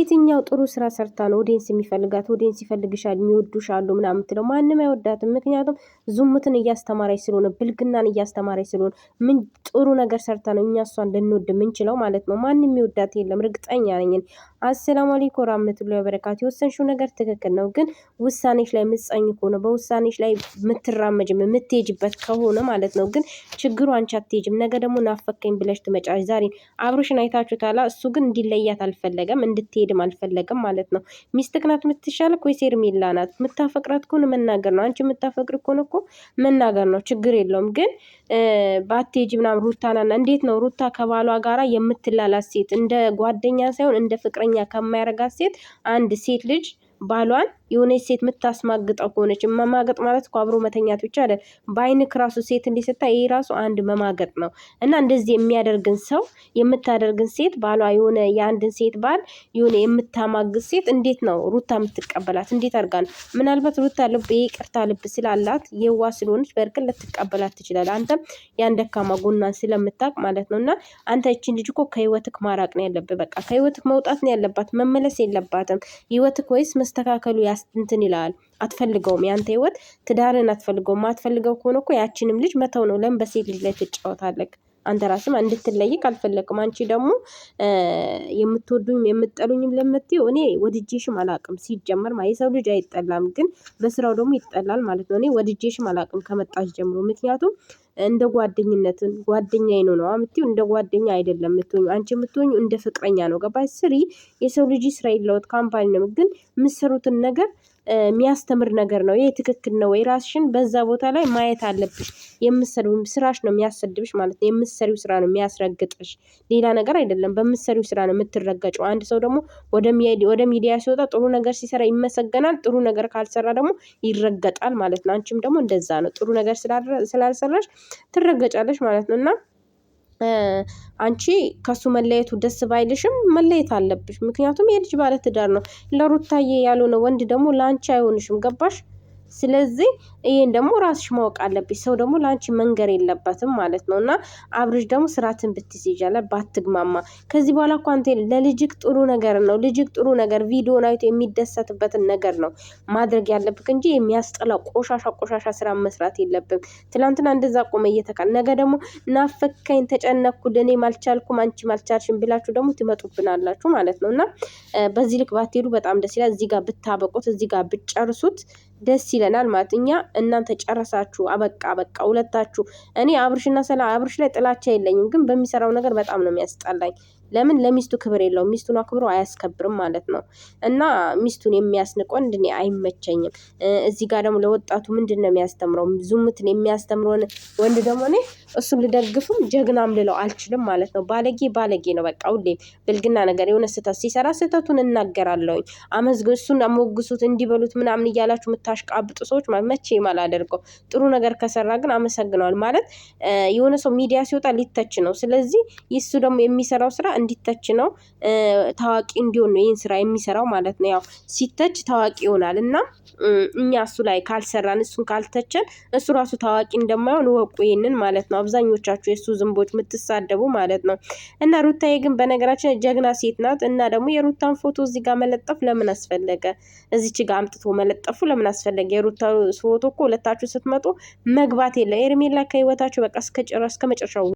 የትኛው ጥሩ ስራ ሰርታ ነው ኦዲየንስ የሚፈልጋት? ኦዲንስ ይፈልግሻል፣ የሚወዱሻሉ ምናምን ትለው። ማንም አይወዳትም። ምክንያቱም ዝሙትን እያስተማረች ስለሆነ፣ ብልግናን እያስተማረች ስለሆነ፣ ምን ጥሩ ነገር ሰርታ ነው እኛ እሷን ልንወድ ምንችለው ማለት ነው። ማንም የሚወዳት የለም፣ እርግጠኛ ነኝ። አሰላሙ አለይኩም ወራህመቱላሂ ወበረካቱ። የወሰንሽው ነገር ትክክል ነው፣ ግን ውሳኔሽ ላይ የምትጸኝ ከሆነ በውሳኔሽ ላይ የምትራመጅም የምትሄጅበት ከሆነ ማለት ነው። ግን ችግሩ አንቺ አትሄጅም። ነገ ደግሞ ናፈከኝ ብለሽ ትመጫለሽ። ዛሬ አብሮሽን አይታችሁታላ። እሱ ግን እንዲለያት አልፈለገም እንድትሄድ መሄድም አልፈለገም ማለት ነው። ሚስትህ ናት እኮ ወይስ ሄርሜላ ናት? የምታፈቅራት ከሆነ መናገር ነው። አንቺ የምታፈቅር ከሆነ እኮ መናገር ነው፣ ችግር የለውም። ግን ባቴጅ ምናምን ሩታናና እንዴት ነው ሩታ ከባሏ ጋራ የምትላላት ሴት እንደ ጓደኛ ሳይሆን እንደ ፍቅረኛ ከማያረጋት ሴት አንድ ሴት ልጅ ባሏን የሆነች ሴት የምታስማግጠው ከሆነች መማገጥ ማለት እኮ አብሮ መተኛት ብቻ አለ በአይንክ ራሱ ሴት እንዲሰታ ይህ ራሱ አንድ መማገጥ ነው። እና እንደዚህ የሚያደርግን ሰው የምታደርግን ሴት ባሏ የሆነ የአንድን ሴት ባል የሆነ የምታማግጥ ሴት እንዴት ነው ሩታ የምትቀበላት? እንዴት አድርጋ ነው? ምናልባት ሩታ ልብ ይቅርታ ልብ ስላላት የዋ ስለሆነች በእርግጥ ልትቀበላት ትችላል። አንተም ያን ደካማ ጎናን ስለምታቅ ማለት ነው። እና አንተ ይችን ልጅ እኮ ከህይወትክ ማራቅ ነው ያለብህ። በቃ ከህይወትክ መውጣት ነው ያለባት፣ መመለስ የለባትም ህይወትክ ወይስ ስተካከሉ እንትን ይለዋል። አትፈልገውም፣ ያንተ ህይወት ትዳርን አትፈልገውም። አትፈልገው ከሆነ እኮ ያችንም ልጅ መተው ነው። ለምን በሴት ልጅ ላይ ትጫወታለህ? አንተ ራስም እንድትለይቅ አልፈለግም። አንቺ ደግሞ የምትወዱኝ የምጠሉኝም ለምትይው እኔ ወድጄሽም አላቅም። ሲጀመር የሰው ልጅ አይጠላም፣ ግን በስራው ደግሞ ይጠላል ማለት ነው። እኔ ወድጄሽም አላቅም ከመጣሽ ጀምሮ ምክንያቱም እንደ ጓደኝነትን ጓደኛዬ ነው ነው የምትይው፣ እንደ ጓደኛ አይደለም የምትሆኙ። አንቺ የምትሆኙ እንደ ፍቅረኛ ነው። ገባሽ? ስሪ። የሰው ልጅ ስራ የለውት ካምፓኒ ነው፣ ግን የምትሰሩትን ነገር የሚያስተምር ነገር ነው። ይሄ ትክክል ነው ወይ? ራስሽን በዛ ቦታ ላይ ማየት አለብሽ። የምትሰሪው ስራሽ ነው የሚያሰድብሽ ማለት ነው። የምትሰሪው ስራ ነው የሚያስረግጥሽ፣ ሌላ ነገር አይደለም። በምትሰሪው ስራ ነው የምትረገጨው። አንድ ሰው ደግሞ ወደ ሚዲያ ሲወጣ ጥሩ ነገር ሲሰራ ይመሰገናል፣ ጥሩ ነገር ካልሰራ ደግሞ ይረገጣል ማለት ነው። አንቺም ደግሞ እንደዛ ነው። ጥሩ ነገር ስላልሰራሽ ትረገጫለሽ ማለት ነው እና አንቺ ከሱ መለየቱ ደስ ባይልሽም መለየት አለብሽ። ምክንያቱም የልጅ ባለትዳር ነው። ለሩታዬ ያልሆነ ወንድ ደግሞ ለአንቺ አይሆንሽም። ገባሽ? ስለዚህ ይህን ደግሞ ራስሽ ማወቅ አለብሽ። ሰው ደግሞ ለአንቺ መንገር የለበትም ማለት ነው። እና አብርሽ ደግሞ ስራትን ብትይዝ ይሻላል፣ ባትግማማ። ከዚህ በኋላ እኮ አንተ ለልጅክ ጥሩ ነገር ነው ልጅክ ጥሩ ነገር ቪዲዮን አይቶ የሚደሰትበትን ነገር ነው ማድረግ ያለብክ እንጂ የሚያስጠላ ቆሻሻ ቆሻሻ ስራ መስራት የለብም። ትናንትና እንደዛ ቆመ እየተካል ነገ ደግሞ ናፈከኝ፣ ተጨነኩ፣ እኔም አልቻልኩም፣ አንቺም ማልቻልሽም ብላችሁ ደግሞ ትመጡብናላችሁ ማለት ነው እና በዚህ ልክ ባትሄዱ በጣም ደስ ይላል። እዚህ ጋር ብታበቁት፣ እዚህ ጋር ብትጨርሱት ደስ ይለናል ማለት እኛ እናንተ ጨረሳችሁ አበቃ በቃ ሁለታችሁ እኔ አብርሽና ሰላ አብርሽ ላይ ጥላቻ የለኝም፣ ግን በሚሰራው ነገር በጣም ነው የሚያስጠላኝ። ለምን ለሚስቱ ክብር የለውም፣ ሚስቱን አክብሮ አያስከብርም ማለት ነው። እና ሚስቱን የሚያስንቅ ወንድ እኔ አይመቸኝም። እዚህ ጋር ደግሞ ለወጣቱ ምንድን ነው የሚያስተምረው? ዝሙትን የሚያስተምረውን ወንድ ደግሞ እኔ እሱም ልደግፍም ጀግናም ልለው አልችልም ማለት ነው። ባለጌ ባለጌ ነው በቃ ሁሌም ብልግና ነገር የሆነ ስህተት ሲሰራ ስህተቱን እናገራለሁኝ። አመዝግ እሱን አሞግሱት እንዲበሉት ምናምን እያላችሁ ምታ የምታሽቃብጡ ሰዎች መቼም አላደርገው። ጥሩ ነገር ከሰራ ግን አመሰግነዋል ማለት የሆነ ሰው ሚዲያ ሲወጣ ሊተች ነው። ስለዚህ ይሱ ደግሞ የሚሰራው ስራ እንዲተች ነው፣ ታዋቂ እንዲሆን ነው ይህን ስራ የሚሰራው ማለት ነው። ያው ሲተች ታዋቂ ይሆናል እና እኛ እሱ ላይ ካልሰራን እሱን ካልተቸን እሱ ራሱ ታዋቂ እንደማይሆን ወቁ። ይህንን ማለት ነው አብዛኞቻችሁ የእሱ ዝንቦች የምትሳደቡ ማለት ነው። እና ሩታዬ ግን በነገራችን ጀግና ሴት ናት። እና ደግሞ የሩታን ፎቶ እዚህ ጋር መለጠፍ ለምን አስፈለገ? እዚች ጋር አምጥቶ መለጠፉ ለምን አስፈለገ? አስፈለገ? የሩታ ፎቶ እኮ ሁለታችሁ ስትመጡ መግባት የለ ኤርሜላ ከህይወታችሁ በቃ እስከ መጨረሻው